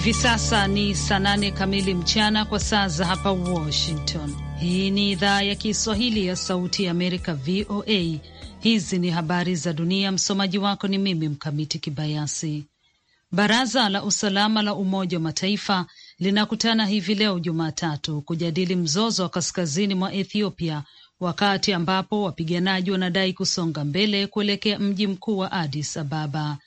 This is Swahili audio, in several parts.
Hivi sasa ni saa nane kamili mchana kwa saa za hapa Washington. Hii ni idhaa ya Kiswahili ya Sauti ya Amerika, VOA. Hizi ni habari za dunia. Msomaji wako ni mimi Mkamiti Kibayasi. Baraza la Usalama la Umoja wa Mataifa linakutana hivi leo Jumatatu kujadili mzozo wa kaskazini mwa Ethiopia, wakati ambapo wapiganaji wanadai kusonga mbele kuelekea mji mkuu wa Addis Ababa.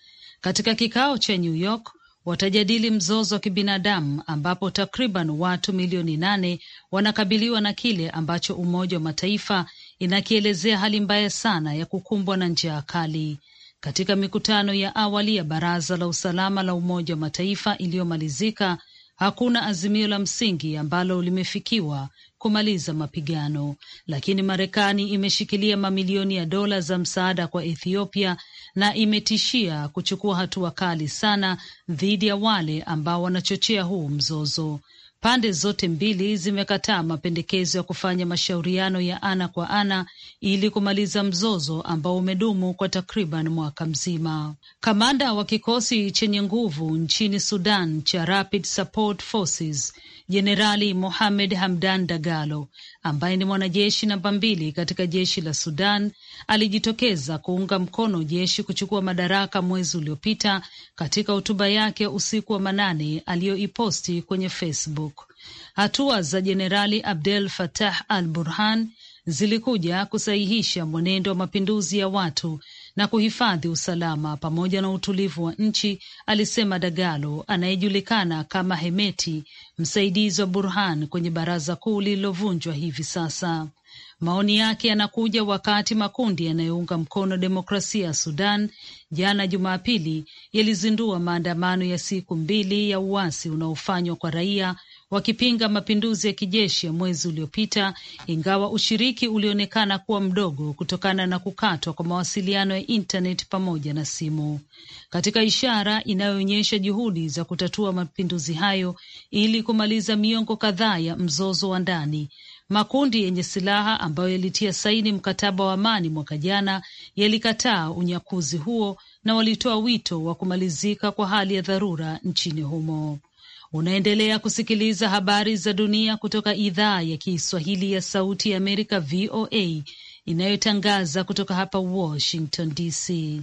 Katika kikao cha New York, watajadili mzozo wa kibinadamu ambapo takriban watu milioni nane wanakabiliwa na kile ambacho Umoja wa Mataifa inakielezea hali mbaya sana ya kukumbwa na njaa kali. Katika mikutano ya awali ya Baraza la Usalama la Umoja wa Mataifa iliyomalizika Hakuna azimio la msingi ambalo limefikiwa kumaliza mapigano, lakini Marekani imeshikilia mamilioni ya dola za msaada kwa Ethiopia na imetishia kuchukua hatua kali sana dhidi ya wale ambao wanachochea huu mzozo. Pande zote mbili zimekataa mapendekezo ya kufanya mashauriano ya ana kwa ana ili kumaliza mzozo ambao umedumu kwa takriban mwaka mzima. Kamanda wa kikosi chenye nguvu nchini Sudan cha Rapid Support Forces Jenerali Mohamed Hamdan Dagalo ambaye ni mwanajeshi namba mbili katika jeshi la Sudan alijitokeza kuunga mkono jeshi kuchukua madaraka mwezi uliopita katika hotuba yake usiku wa manane aliyoiposti kwenye Facebook. Hatua za Jenerali Abdel Fattah al-Burhan zilikuja kusahihisha mwenendo wa mapinduzi ya watu na kuhifadhi usalama pamoja na utulivu wa nchi, alisema Dagalo anayejulikana kama Hemeti, msaidizi wa Burhan kwenye baraza kuu lililovunjwa hivi sasa. Maoni yake yanakuja wakati makundi yanayounga mkono demokrasia ya Sudan jana Jumapili yalizindua maandamano ya siku mbili ya uasi unaofanywa kwa raia wakipinga mapinduzi ya kijeshi ya mwezi uliopita, ingawa ushiriki ulionekana kuwa mdogo kutokana na kukatwa kwa mawasiliano ya intanet pamoja na simu. Katika ishara inayoonyesha juhudi za kutatua mapinduzi hayo ili kumaliza miongo kadhaa ya mzozo wa ndani, makundi yenye silaha ambayo yalitia saini mkataba wa amani mwaka jana yalikataa unyakuzi huo na walitoa wito wa kumalizika kwa hali ya dharura nchini humo. Unaendelea kusikiliza habari za dunia kutoka idhaa ya Kiswahili ya Sauti ya Amerika, VOA, inayotangaza kutoka hapa Washington DC.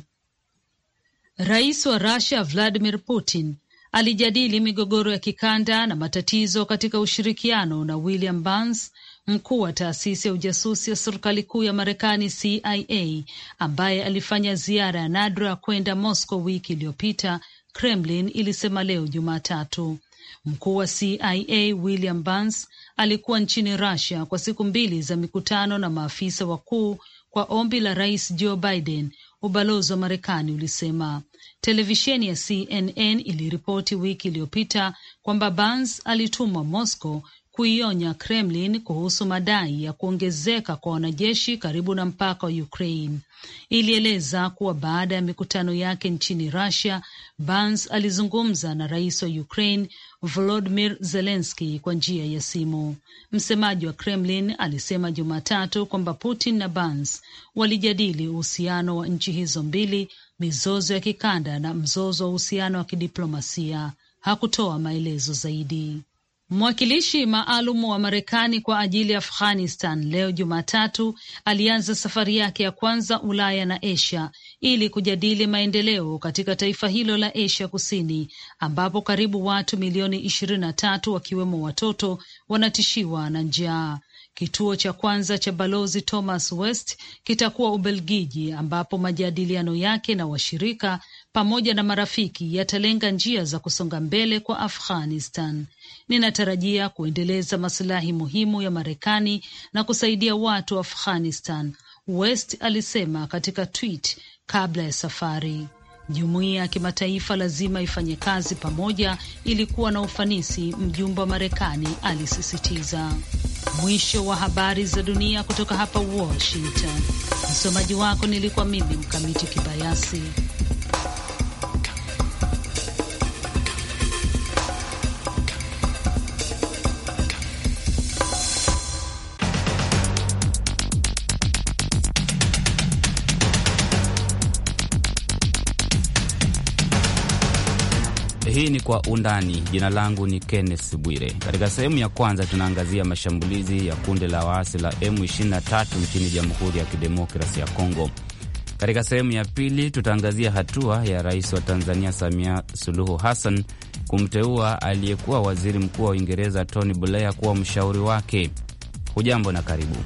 Rais wa Russia Vladimir Putin alijadili migogoro ya kikanda na matatizo katika ushirikiano na William Burns, mkuu wa taasisi ya ujasusi ya serikali kuu ya Marekani CIA, ambaye alifanya ziara ya nadra kwenda Moscow wiki iliyopita, Kremlin ilisema leo Jumatatu. Mkuu wa CIA William Burns alikuwa nchini Russia kwa siku mbili za mikutano na maafisa wakuu kwa ombi la Rais Joe Biden, ubalozi wa Marekani ulisema. Televisheni ya CNN iliripoti wiki iliyopita kwamba Burns alitumwa Moscow kuionya Kremlin kuhusu madai ya kuongezeka kwa wanajeshi karibu na mpaka wa Ukraine. Ilieleza kuwa baada ya mikutano yake nchini Russia, bans alizungumza na rais wa Ukraine Volodymyr Zelensky kwa njia ya simu. Msemaji wa Kremlin alisema Jumatatu kwamba Putin na bans walijadili uhusiano wa nchi hizo mbili, mizozo ya kikanda na mzozo wa uhusiano wa kidiplomasia. Hakutoa maelezo zaidi. Mwakilishi maalum wa Marekani kwa ajili ya Afghanistan leo Jumatatu alianza safari yake ya kwanza Ulaya na Asia ili kujadili maendeleo katika taifa hilo la Asia Kusini ambapo karibu watu milioni ishirini na tatu wakiwemo watoto wanatishiwa na njaa. Kituo cha kwanza cha balozi Thomas West kitakuwa Ubelgiji, ambapo majadiliano yake na washirika pamoja na marafiki yatalenga njia za kusonga mbele kwa Afghanistan. Ninatarajia kuendeleza masilahi muhimu ya Marekani na kusaidia watu wa Afghanistan, West alisema katika tweet kabla ya safari. Jumuiya ya kimataifa lazima ifanye kazi pamoja ili kuwa na ufanisi, mjumbe wa Marekani alisisitiza. Mwisho wa habari za dunia kutoka hapa Washington. Msomaji wako nilikuwa mimi Mkamiti Kibayasi. Hii ni Kwa Undani. Jina langu ni Kenneth Bwire. Katika sehemu ya kwanza, tunaangazia mashambulizi ya kundi la waasi la M23 nchini Jamhuri ya Kidemokrasi ya Kongo. Katika sehemu ya pili, tutaangazia hatua ya rais wa Tanzania Samia Suluhu Hassan kumteua aliyekuwa waziri mkuu wa Uingereza Tony Blair kuwa mshauri wake. Hujambo na karibu.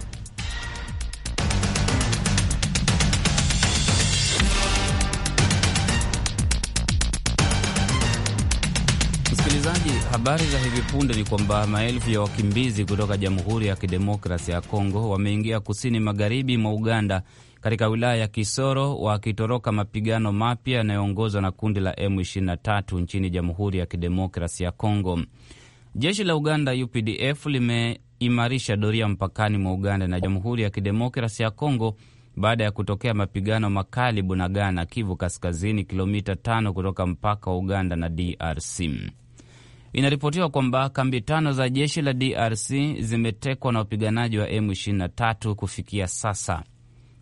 Habari za hivi punde ni kwamba maelfu ya wakimbizi kutoka Jamhuri ya Kidemokrasi ya Kongo wameingia kusini magharibi mwa Uganda katika wilaya ya Kisoro wakitoroka mapigano mapya yanayoongozwa na kundi la M23 nchini Jamhuri ya Kidemokrasi ya Kongo. Jeshi la Uganda UPDF limeimarisha doria mpakani mwa Uganda na Jamhuri ya Kidemokrasi ya Kongo baada ya kutokea mapigano makali Bunagana, Kivu Kaskazini, kilomita 5 kutoka mpaka wa Uganda na DRC. Inaripotiwa kwamba kambi tano za jeshi la DRC zimetekwa na wapiganaji wa M23 kufikia sasa.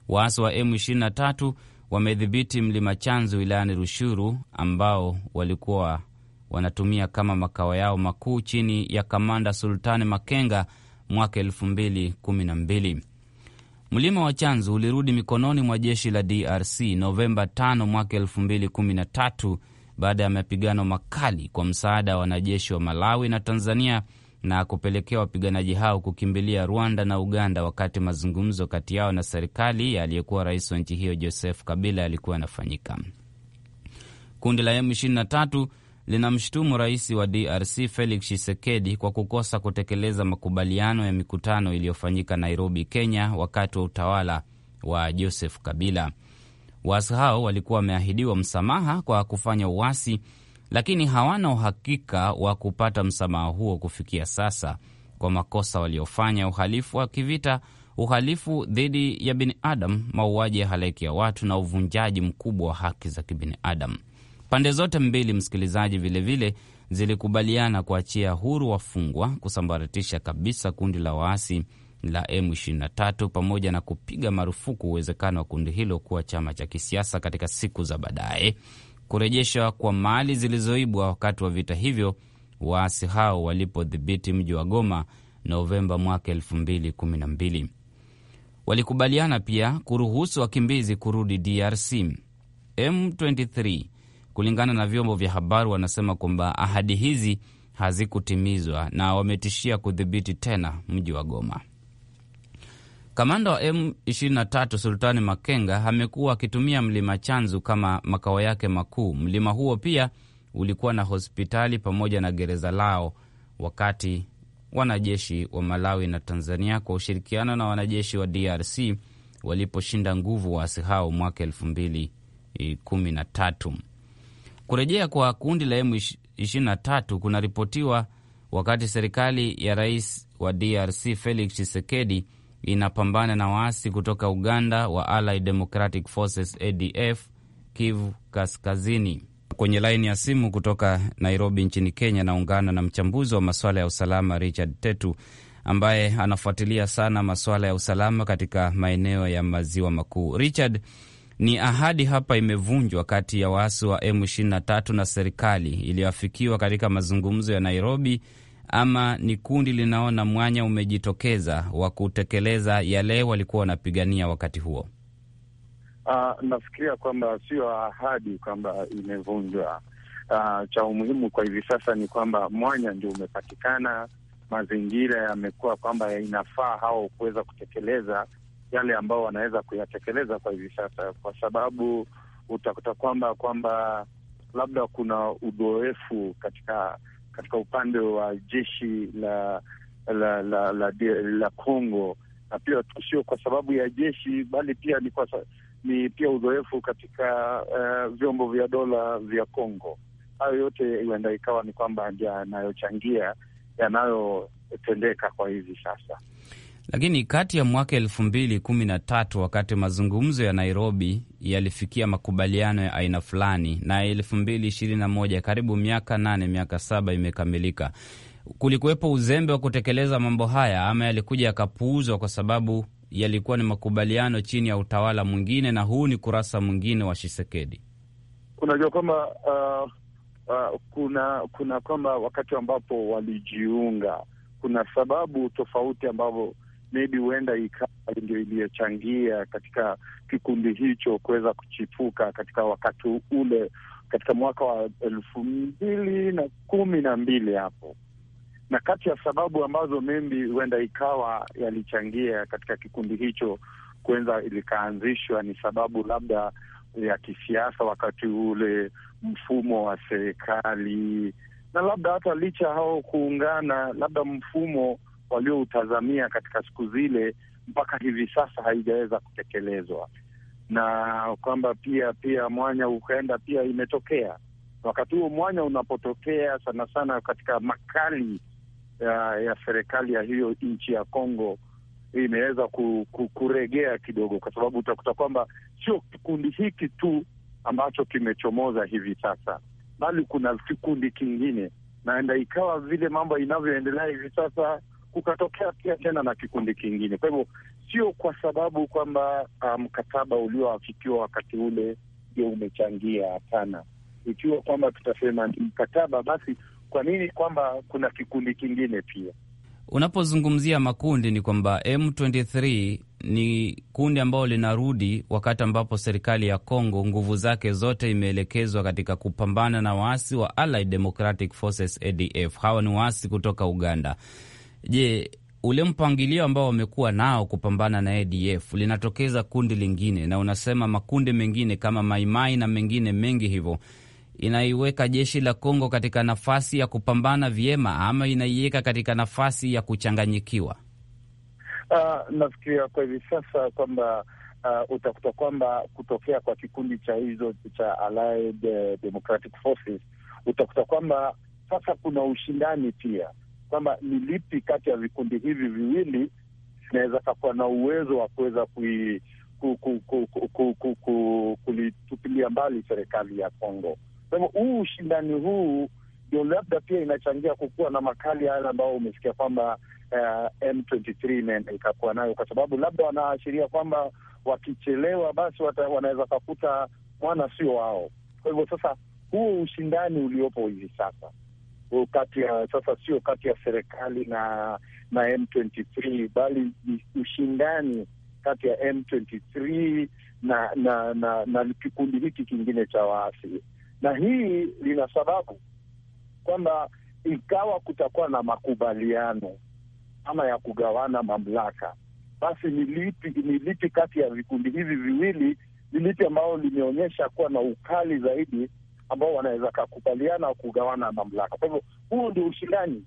Waasi wa M23 wamedhibiti mlima Chanzu wilayani Rushuru, ambao walikuwa wanatumia kama makao yao makuu chini ya kamanda Sultani Makenga mwaka 2012. Mlima wa Chanzu ulirudi mikononi mwa jeshi la DRC Novemba 5 mwaka 2013 baada ya mapigano makali kwa msaada wa wanajeshi wa Malawi na Tanzania na kupelekea wapiganaji hao kukimbilia Rwanda na Uganda, wakati mazungumzo kati yao na serikali ya aliyekuwa rais wa nchi hiyo Joseph Kabila yalikuwa yanafanyika. Kundi la M23 linamshutumu rais wa DRC Felix Tshisekedi kwa kukosa kutekeleza makubaliano ya mikutano iliyofanyika Nairobi, Kenya, wakati wa utawala wa Joseph Kabila. Waasi hao walikuwa wameahidiwa msamaha kwa kufanya uasi, lakini hawana uhakika wa kupata msamaha huo kufikia sasa kwa makosa waliofanya: uhalifu wa kivita, uhalifu dhidi ya binadamu, mauaji ya halaiki ya watu na uvunjaji mkubwa wa haki za kibinadamu. Pande zote mbili, msikilizaji, vilevile zilikubaliana kuachia huru wafungwa, kusambaratisha kabisa kundi la waasi la M23 pamoja na kupiga marufuku uwezekano wa kundi hilo kuwa chama cha kisiasa katika siku za baadaye, kurejeshwa kwa mali zilizoibwa wakati wa vita hivyo waasi hao walipodhibiti mji wa Goma Novemba mwaka 2012. Walikubaliana pia kuruhusu wakimbizi kurudi DRC. M23 kulingana na vyombo vya habari wanasema kwamba ahadi hizi hazikutimizwa na wametishia kudhibiti tena mji wa Goma. Kamanda wa M23 Sultani Makenga amekuwa akitumia mlima Chanzu kama makao yake makuu. Mlima huo pia ulikuwa na hospitali pamoja na gereza lao, wakati wanajeshi wa Malawi na Tanzania kwa ushirikiano na wanajeshi wa DRC waliposhinda nguvu waasi hao mwaka elfu mbili kumi na tatu. Kurejea kwa kundi la M23 kunaripotiwa wakati serikali ya rais wa DRC Felix Tshisekedi inapambana na waasi kutoka Uganda wa Allied Democratic Forces ADF Kivu Kaskazini. Kwenye laini ya simu kutoka Nairobi nchini Kenya naungana na mchambuzi wa masuala ya usalama Richard Tetu ambaye anafuatilia sana masuala ya usalama katika maeneo ya maziwa makuu. Richard, ni ahadi hapa imevunjwa kati ya waasi wa M23 na serikali iliyoafikiwa katika mazungumzo ya Nairobi ama ni kundi linaona mwanya umejitokeza wa kutekeleza yale walikuwa wanapigania wakati huo? Uh, nafikiria kwamba sio ahadi kwamba imevunjwa. Uh, cha umuhimu kwa hivi sasa ni kwamba mwanya ndio umepatikana, mazingira yamekuwa kwamba inafaa hao kuweza kutekeleza yale ambao wanaweza kuyatekeleza kwa hivi sasa, kwa sababu utakuta kwamba kwamba labda kuna udoefu katika katika upande wa jeshi la la la, la, la Kongo, na pia sio kwa sababu ya jeshi, bali pia ni, kwa, ni pia uzoefu katika uh, vyombo vya dola vya Kongo. Hayo yote huenda ikawa ni kwamba yanayochangia yanayotendeka kwa hivi sasa. Lakini kati ya mwaka elfu mbili kumi na tatu wakati mazungumzo ya Nairobi yalifikia makubaliano ya aina fulani na elfu mbili ishirini na moja karibu miaka nane miaka saba imekamilika, kulikuwepo uzembe wa kutekeleza mambo haya ama yalikuja yakapuuzwa kwa sababu yalikuwa ni makubaliano chini ya utawala mwingine, na huu ni kurasa mwingine wa Shisekedi. Unajua kwamba uh, uh, kuna kuna kwamba wakati ambapo walijiunga kuna sababu tofauti ambavyo maybe huenda ikawa ndio iliyochangia katika kikundi hicho kuweza kuchipuka katika wakati ule katika mwaka wa elfu mbili na kumi na mbili hapo na kati ya sababu ambazo mebi huenda ikawa yalichangia katika kikundi hicho kuenza likaanzishwa ni sababu labda ya kisiasa wakati ule, mfumo wa serikali, na labda hata licha hao kuungana, labda mfumo walioutazamia katika siku zile mpaka hivi sasa haijaweza kutekelezwa, na kwamba pia pia mwanya ukaenda pia imetokea. Wakati huo mwanya unapotokea sana sana katika makali ya, ya serikali ya hiyo nchi ya Kongo imeweza ku, ku, kuregea kidogo, kwa sababu utakuta kwamba sio kikundi hiki tu ambacho kimechomoza hivi sasa, bali kuna kikundi kingine, naenda ikawa vile mambo inavyoendelea hivi sasa kukatokea pia tena na kikundi kingine. Kwa hivyo sio kwa sababu kwamba ah, mkataba um, ulioafikiwa wakati ule ndio umechangia. Hapana, ikiwa kwamba tutasema ni mkataba, basi kwa nini kwamba kuna kikundi kingine pia? Unapozungumzia makundi ni kwamba M23 ni kundi ambalo linarudi wakati ambapo serikali ya Congo nguvu zake zote imeelekezwa katika kupambana na waasi wa Allied Democratic Forces ADF. Hawa ni waasi kutoka Uganda. Je, ule mpangilio ambao wamekuwa nao kupambana na ADF linatokeza kundi lingine, na unasema makundi mengine kama Maimai na mengine mengi hivyo, inaiweka jeshi la Kongo katika nafasi ya kupambana vyema ama inaiweka katika nafasi ya kuchanganyikiwa? Uh, nafikiria kwa hivi sasa kwamba Uh, utakuta kwamba kutokea kwa kikundi cha hizo cha Allied eh, Democratic Forces, utakuta kwamba sasa kuna ushindani pia kwamba ni lipi kati ya vikundi hivi viwili inaweza kakuwa na uwezo wa kuweza kulitupilia mbali serikali ya Kongo. Kwa hivyo huu ushindani huu ndio labda pia inachangia kukuwa na makali yale ambayo umesikia kwamba eh, M23 inaenda ikakuwa nayo, kwa sababu labda wanaashiria kwamba wakichelewa basi wanaweza kakuta mwana sio wao. Kwa hivyo sasa, huo ushindani uliopo hivi sasa kati ya sasa, sio kati ya serikali na na M23, bali ni ushindani kati ya M23 na na na, na kikundi hiki kingine cha waasi, na hii lina sababu kwamba ikawa kutakuwa na makubaliano ama ya kugawana mamlaka, basi ni lipi ni lipi kati ya vikundi hivi viwili, ni lipi ambalo limeonyesha kuwa na ukali zaidi ambao wanaweza kakubaliana kugawana mamlaka. Kwa hivyo huu ndio ushindani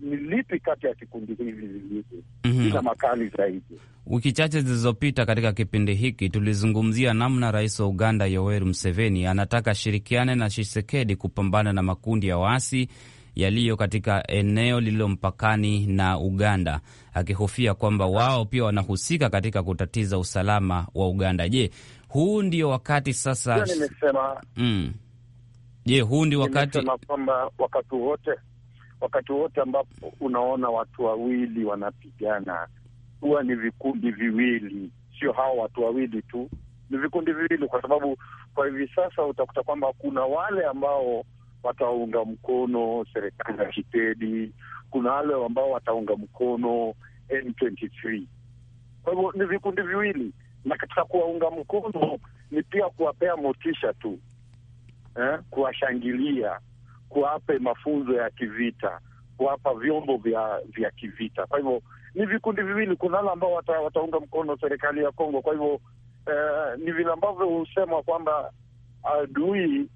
ni lipi kati ya kikundi hivi mhm. ina makali zaidi. Wiki chache zilizopita katika kipindi hiki tulizungumzia namna rais wa Uganda Yoweri Museveni anataka ashirikiane na Shisekedi kupambana na makundi ya waasi yaliyo katika eneo lililo mpakani na Uganda, akihofia kwamba wao pia wanahusika katika kutatiza usalama wa Uganda. Je, huu ndio wakati sasa. Nimesema mm. Je, huu ndio wakati kwamba wakati wote wakati wote ambapo unaona watu wawili wanapigana huwa ni vikundi viwili, sio hawa watu wawili tu, ni vikundi viwili, kwa sababu kwa hivi sasa utakuta kwamba kuna wale ambao wataunga mkono serikali ya kitedi kuna wale ambao wataunga mkono M23. Kwa hivyo ni vikundi viwili, na katika kuwaunga mkono ni pia kuwapea motisha tu eh, kuwashangilia, kuwape mafunzo ya kivita, kuwapa vyombo vya vya kivita. Kwa hivyo ni vikundi viwili, kuna wale ambao wata, wataunga mkono serikali ya Kongo. Kwa hivyo eh, ni vile ambavyo husema kwamba adui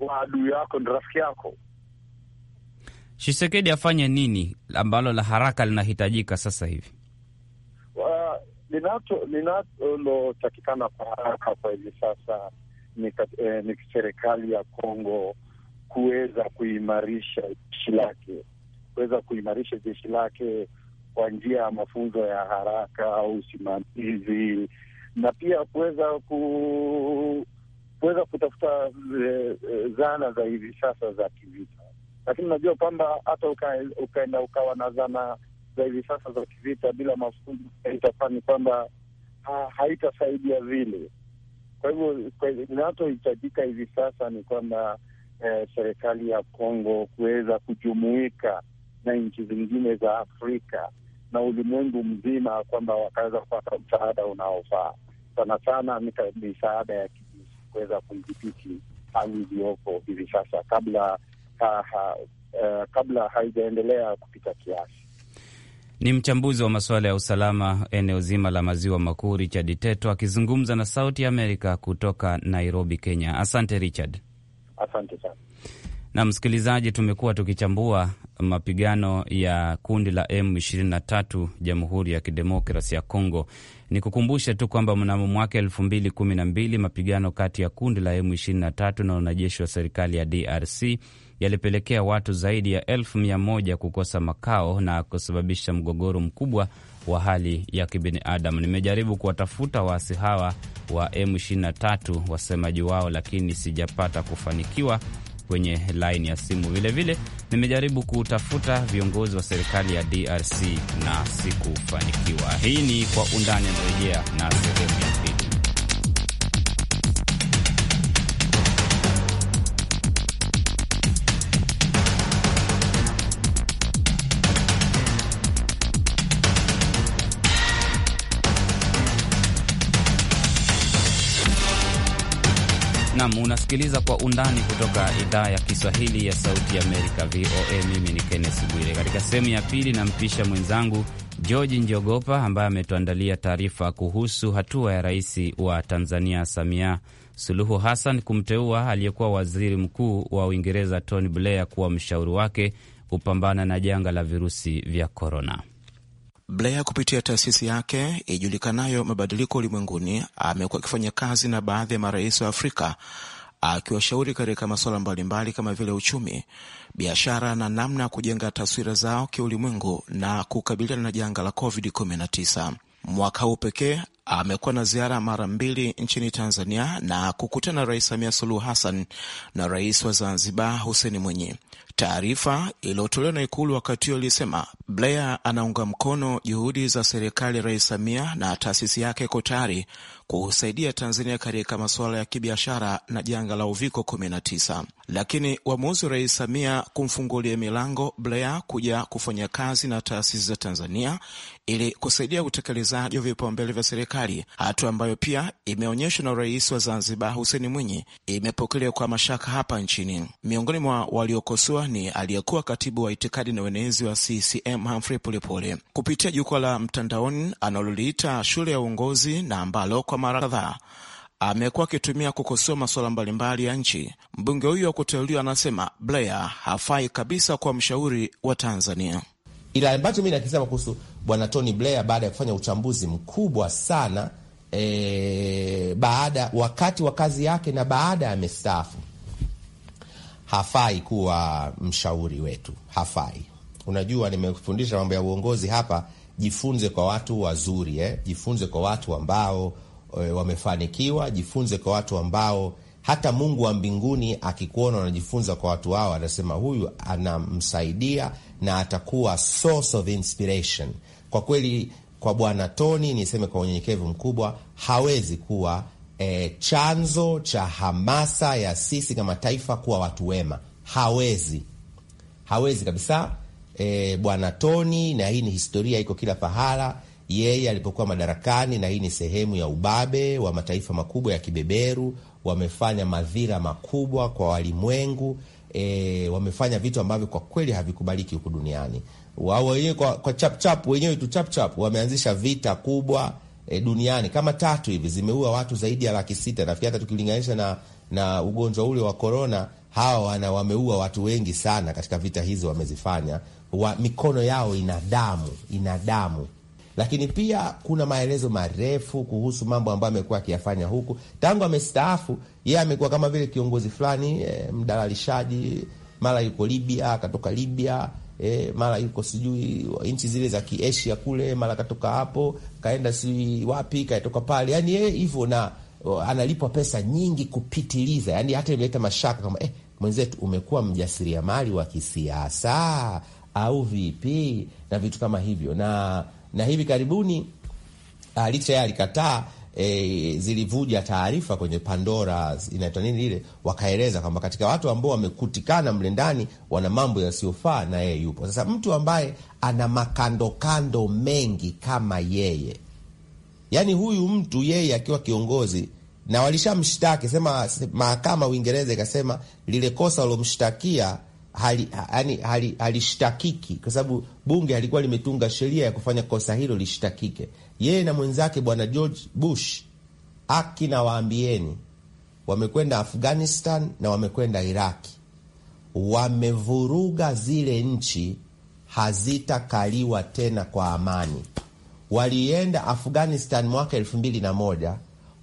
wa adui yako ni rafiki yako. Shisekedi afanye nini ambalo la haraka linahitajika sasa hivi? linalotakikana kwa haraka kwa hivi sasa ni, eh, serikali ya Kongo kuweza kuimarisha jeshi lake, kuweza kuimarisha jeshi lake kwa njia ya mafunzo ya haraka au usimamizi, na pia kuweza ku kuweza kutafuta eh, zana za hivi sasa za kivita, lakini unajua kwamba hata ukaenda ukawa na zana za hivi sasa za kivita bila mafunzo itafani kwamba ha, haitasaidia vile. Kwa hivyo inachohitajika hivi sasa ni kwamba eh, serikali ya Kongo kuweza kujumuika na nchi zingine za Afrika na ulimwengu mzima, kwamba wakaweza kupata msaada unaofaa sana sana misaada ya kijinsi kuweza kuidhibiti hali iliyoko hivi sasa kabla ha, ha, uh, kabla haijaendelea kupita kiasi ni mchambuzi wa masuala ya usalama eneo zima la maziwa makuu, Richard Teto akizungumza na Sauti Amerika kutoka Nairobi, Kenya. Asante Richard. Asante sana. Na msikilizaji, tumekuwa tukichambua mapigano ya kundi la M23 Jamhuri ya Kidemokrasi ya congo ni kukumbushe tu kwamba mnamo mwaka elfu mbili kumi na mbili mapigano kati ya kundi la M23 na wanajeshi wa serikali ya DRC yalipelekea watu zaidi ya elfu mia moja kukosa makao na kusababisha mgogoro mkubwa wa hali ya kibinadamu. Nimejaribu kuwatafuta waasi hawa wa M23 wasemaji wao, lakini sijapata kufanikiwa kwenye laini ya simu. Vilevile nimejaribu kutafuta viongozi wa serikali ya DRC na sikufanikiwa. Hii ni kwa undani, anarejea na sehemu ya pili. Nam, unasikiliza kwa undani kutoka idhaa ya Kiswahili ya Sauti Amerika, VOA. Mimi ni Kenneth Bwire. Katika sehemu ya pili, nampisha mwenzangu George Njogopa ambaye ametuandalia taarifa kuhusu hatua ya rais wa Tanzania Samia Suluhu Hassan kumteua aliyekuwa waziri mkuu wa Uingereza Tony Blair kuwa mshauri wake kupambana na janga la virusi vya korona. Blair kupitia taasisi yake ijulikanayo Mabadiliko Ulimwenguni amekuwa akifanya kazi na baadhi ya marais wa Afrika akiwashauri katika masuala mbalimbali kama vile uchumi, biashara na namna ya kujenga taswira zao kiulimwengu na kukabiliana na janga la COVID-19. Mwaka huu pekee amekuwa na ziara mara mbili nchini Tanzania na kukutana na Rais Samia Suluhu Hassan na rais wa Zanzibar Hussein Mwinyi. Taarifa iliyotolewa na Ikulu wakati huo ilisema Blair anaunga mkono juhudi za serikali ya Rais Samia na taasisi yake iko tayari kusaidia Tanzania katika masuala ya kibiashara na janga la uviko 19, lakini uamuzi wa Rais Samia kumfungulia milango Blair kuja kufanya kazi na taasisi za Tanzania ili kusaidia utekelezaji wa vipaumbele vya serikali, hatua ambayo pia imeonyeshwa na Rais wa Zanzibar huseni Mwinyi, imepokelewa kwa mashaka hapa nchini. Miongoni mwa waliokosoa ni aliyekuwa katibu wa itikadi na uenezi wa CCM Humphrey Polepole kupitia jukwaa la mtandaoni analoliita shule ya uongozi na ambalo kwa mara kadhaa amekuwa akitumia kukosoa masuala mbalimbali ya nchi. Mbunge huyo wa kuteuliwa anasema Blair hafai kabisa kuwa mshauri wa Tanzania. Ila ambacho mi nakisema kuhusu bwana Tony Blair baada ya kufanya uchambuzi mkubwa sana e, baada wakati wa kazi yake na baada ya mestaafu, hafai kuwa mshauri wetu, hafai. Unajua, nimefundisha mambo ya uongozi hapa, jifunze kwa watu wazuri eh? Jifunze kwa watu ambao E, wamefanikiwa. Jifunze kwa watu ambao hata Mungu wa mbinguni akikuona unajifunza kwa watu hao, anasema huyu anamsaidia na atakuwa source of inspiration. Kwa kweli, kwa Bwana Toni niseme kwa unyenyekevu mkubwa, hawezi kuwa e, chanzo cha hamasa ya sisi kama taifa kuwa watu wema. Hawezi, hawezi kabisa. E, Bwana Toni, na hii ni historia, iko kila pahala yeye alipokuwa madarakani, na hii ni sehemu ya ubabe wa mataifa makubwa ya kibeberu. Wamefanya madhira makubwa kwa walimwengu. E, wamefanya vitu ambavyo kwa kweli havikubaliki huku duniani. Wao wenyewe kwa, kwa chapchap wenyewe tu chapchap wameanzisha vita kubwa e, duniani kama tatu hivi, zimeua watu zaidi ya laki sita. Nafikiri hata tukilinganisha na, na ugonjwa ule wa korona, hawa wana wameua watu wengi sana katika vita hizi wamezifanya wa, mikono yao ina damu ina damu lakini pia kuna maelezo marefu kuhusu mambo ambayo amekuwa akiyafanya huku tangu amestaafu. Yeye amekuwa kama vile kiongozi fulani eh, mdalalishaji, mara yuko Libya, akatoka Libya E, mara yuko sijui nchi zile za kiasia kule, mara katoka hapo kaenda sijui wapi, kaetoka pale, yani yeye hivyo, na oh, analipwa pesa nyingi kupitiliza, yani hata imeleta mashaka kama eh, mwenzetu umekuwa mjasiriamali wa kisiasa au vipi, na vitu kama hivyo na na hivi karibuni ah, licha ya alikataa E, zilivuja taarifa kwenye Pandora inaitwa nini ile, wakaeleza kwamba katika watu ambao wamekutikana mle ndani wana mambo yasiyofaa na yeye yupo. Sasa mtu ambaye ana makandokando mengi kama yeye, yani huyu mtu yeye akiwa kiongozi na walishamshtaki, sema mahakama Uingereza ikasema lile kosa walomshtakia halishtakiki hali, hali kwa sababu bunge halikuwa limetunga sheria ya kufanya kosa hilo lishtakike. Yeye na mwenzake bwana George Bush, aki na waambieni, wamekwenda Afghanistan na wamekwenda Iraki, wamevuruga zile nchi, hazitakaliwa tena kwa amani. Walienda Afghanistan mwaka elfu mbili na moja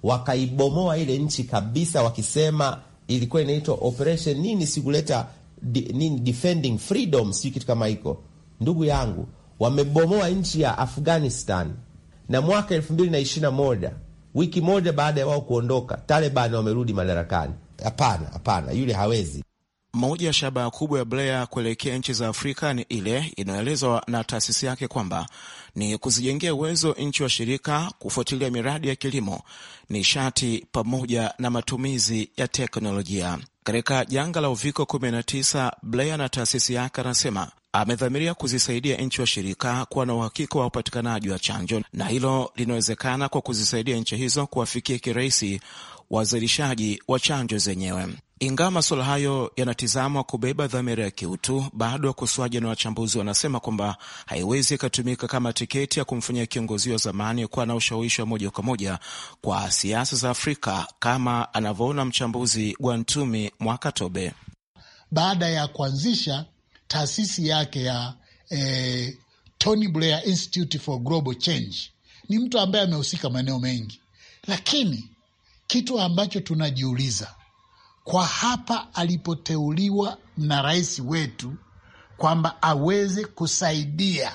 wakaibomoa ile nchi kabisa, wakisema ilikuwa inaitwa operation nini, sikuleta di, nini, defending freedom, si kitu kama hiko. Ndugu yangu, wamebomoa nchi ya Afghanistan na mwaka elfu mbili na ishirini na moja wiki moja baada ya wao kuondoka Taliban wamerudi madarakani. Hapana, hapana, yule hawezi. Moja ya shabaha kubwa ya Blair kuelekea nchi za Afrika ni ile inayoelezwa na taasisi yake kwamba ni kuzijengea uwezo nchi wa shirika kufuatilia miradi ya kilimo, nishati pamoja na matumizi ya teknolojia katika janga la uviko 19, Blair na taasisi yake anasema amedhamiria kuzisaidia nchi washirika kuwa na uhakika wa upatikanaji wa chanjo, na hilo linawezekana kwa kuzisaidia nchi hizo kuwafikia kirahisi wazalishaji wa chanjo zenyewe. Ingawa masuala hayo yanatizamwa kubeba dhamira ya kiutu, bado wakosoaji na wachambuzi wanasema kwamba haiwezi ikatumika kama tiketi ya kumfanyia kiongozi wa zamani kuwa na ushawishi wa moja kwa moja kwa siasa za Afrika kama anavyoona mchambuzi Gwantumi Mwakatobe. Baada ya kuanzisha taasisi yake ya eh, Tony Blair Institute for Global Change, ni mtu ambaye amehusika maeneo mengi, lakini kitu ambacho tunajiuliza kwa hapa alipoteuliwa na rais wetu kwamba aweze kusaidia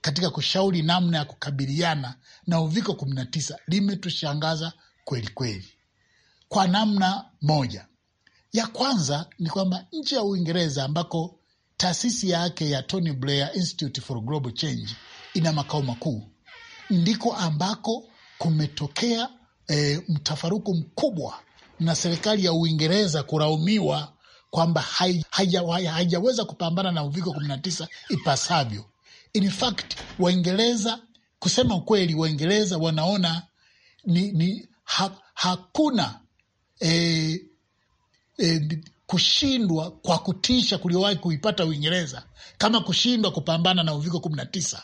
katika kushauri namna ya kukabiliana na uviko kumi na tisa limetushangaza kweli kweli, kwa namna moja. Ya kwanza ni kwamba nchi ya Uingereza ambako taasisi yake ya Tony Blair Institute for Global Change ina makao makuu ndiko ambako kumetokea e, mtafaruku mkubwa na serikali ya Uingereza kulaumiwa kwamba haijaweza haja, haja kupambana na uviko 19 ipasavyo. In fact, Waingereza kusema ukweli, Waingereza wanaona ni, ni ha, hakuna eh, eh, kushindwa kwa kutisha kuliowahi kuipata Uingereza kama kushindwa kupambana na uviko 19.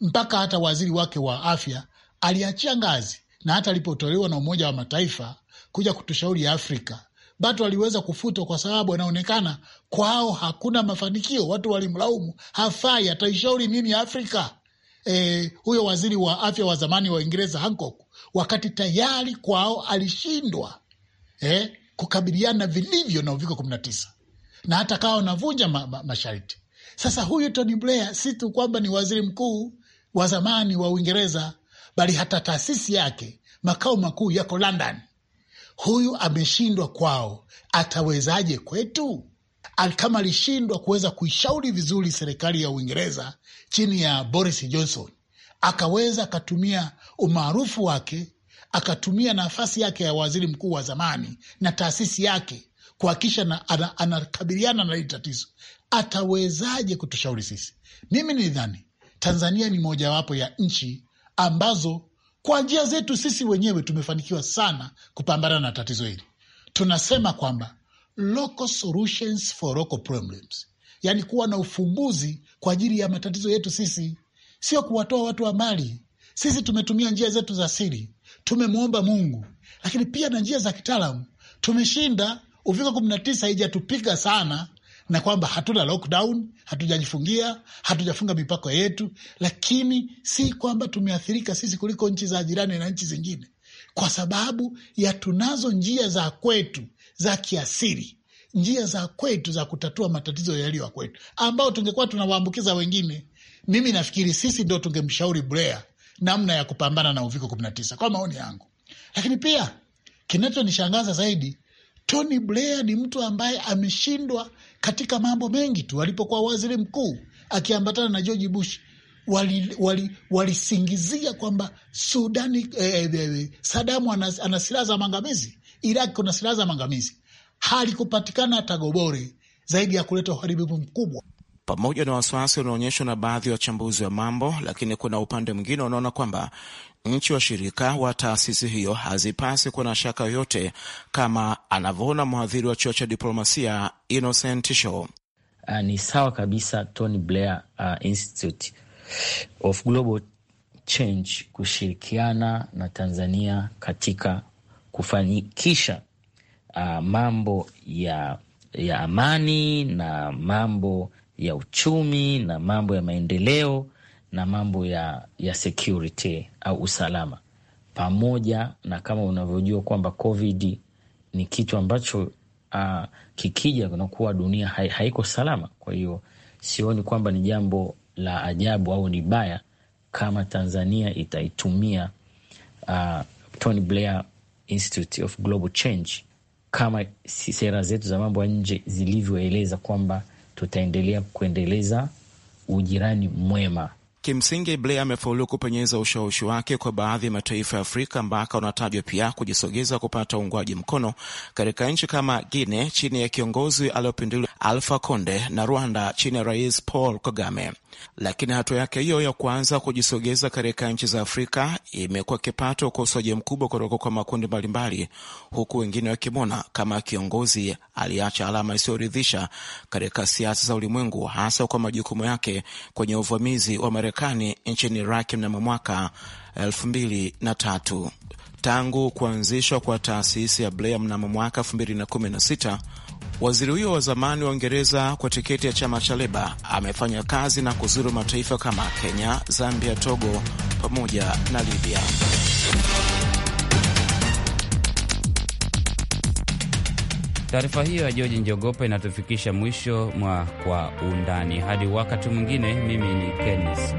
Mpaka hata waziri wake wa afya aliachia ngazi, na hata alipotolewa na Umoja wa Mataifa kuja kutushauri Afrika bado waliweza kufutwa kwa sababu anaonekana kwao hakuna mafanikio. Watu walimlaumu hafai, ataishauri mimi Afrika. E, huyo waziri wa afya wa zamani wa Uingereza Hancock, wakati tayari kwao alishindwa e, kukabiliana vilivyo na uviko kumi na tisa na hata kawa wanavunja ma, ma, masharti. Sasa huyu Tony Blair si tu kwamba ni waziri mkuu wa zamani wa Uingereza, bali hata taasisi yake makao makuu yako London huyu ameshindwa kwao, atawezaje kwetu? Kama alishindwa kuweza kuishauri vizuri serikali ya Uingereza chini ya Boris Johnson, akaweza akatumia umaarufu wake, akatumia nafasi yake ya waziri mkuu wa zamani na taasisi yake kuhakikisha anakabiliana na hili tatizo, atawezaje kutushauri sisi? Mimi nilidhani Tanzania ni mojawapo ya nchi ambazo kwa njia zetu sisi wenyewe tumefanikiwa sana kupambana na tatizo hili. Tunasema kwamba local solutions for local problems, yaani kuwa na ufumbuzi kwa ajili ya matatizo yetu sisi, sio kuwatoa watu wa mali. Sisi tumetumia njia zetu za siri, tumemwomba Mungu, lakini pia na njia za kitaalamu. Tumeshinda. Uviko kumi na tisa haijatupiga sana na kwamba hatuna lockdown, hatujajifungia, hatujafunga mipaka yetu, lakini si kwamba tumeathirika sisi kuliko nchi za jirani na nchi zingine, kwa sababu ya tunazo njia za kwetu za kiasiri, njia za kwetu za kutatua matatizo yaliyo ya kwetu, ambao tungekuwa tunawaambukiza wengine. Mimi nafikiri sisi ndo tungemshauri Brea namna ya kupambana na uviko 19 kwa maoni yangu. Lakini pia kinachonishangaza zaidi, Tony Blair ni mtu ambaye ameshindwa katika mambo mengi tu. Alipokuwa waziri mkuu akiambatana na George Bush walisingizia wali, wali kwamba Sudani eh, eh, eh, eh Sadamu ana, ana silaha za maangamizi, iraki kuna silaha za maangamizi. Halikupatikana hata gobore zaidi ya kuleta uharibifu mkubwa pamoja na wasiwasi unaonyeshwa na baadhi ya wachambuzi wa mambo, lakini kuna upande mwingine unaona kwamba nchi washirika wa taasisi hiyo hazipasi kuwa na shaka yoyote, kama anavyoona mhadhiri wa chuo cha diplomasia Innocent Show. Uh, ni sawa kabisa Tony Blair uh, Institute of Global Change kushirikiana na Tanzania katika kufanikisha uh, mambo ya ya amani na mambo ya uchumi na mambo ya maendeleo na mambo ya, ya security au usalama, pamoja na kama unavyojua kwamba COVID ni kitu ambacho uh, kikija kunakuwa dunia ha haiko salama. Kwa hiyo sioni kwamba ni jambo la ajabu au ni baya kama Tanzania itaitumia uh, Tony Blair Institute of Global Change kama sera zetu za mambo ya nje zilivyoeleza kwamba tutaendelea kuendeleza ujirani mwema Kimsingi, Blair amefaulu kupenyeza ushawishi wake kwa baadhi ya mataifa ya Afrika ambako unatajwa pia kujisogeza kupata uungwaji mkono katika nchi kama Guine chini ya kiongozi aliyopinduliwa Alfa Conde na Rwanda chini ya Rais Paul Kagame. Lakini hatua yake hiyo ya kuanza kujisogeza katika nchi za Afrika imekuwa kwa ukosoaji mkubwa kutoka kwa makundi mbalimbali, huku wengine wakimwona kama kiongozi aliacha alama isiyoridhisha katika siasa za ulimwengu, hasa kwa majukumu yake kwenye uvamizi wa Marekani madarakani nchini Iraki mnamo mwaka elfu mbili na tatu. Tangu kuanzishwa kwa taasisi ya Blair mnamo mwaka 216 waziri huyo wa zamani wa Uingereza kwa tiketi ya chama cha Leba amefanya kazi na kuzuru mataifa kama Kenya, Zambia, Togo pamoja na Libya. Taarifa hiyo ya George Njogopa inatufikisha mwisho mwa Kwa Undani. Hadi wakati mwingine, mimi ni Kennes.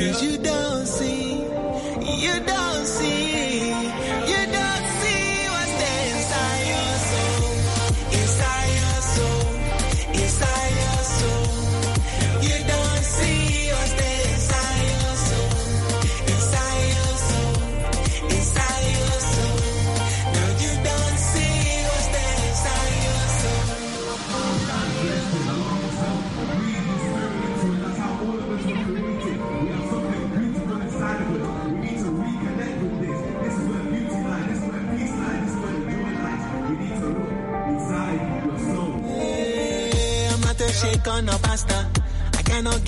Cause you don't see, you don't see.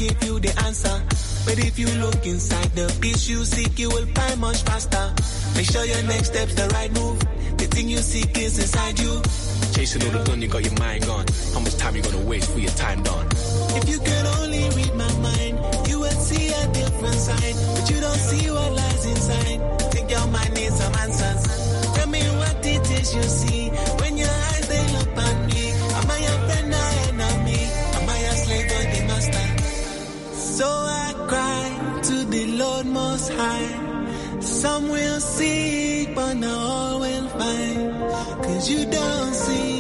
give you the answer. But if you look inside the peace you seek, you will find much faster. Make sure your next step's the right move. The thing you seek is inside you. Chasing all the gun, you got your mind gone. How much time you gonna waste for your time done? If you could only read my mind, you would see a different side. But you don't see what seek, but now all will find. Cause you don't see.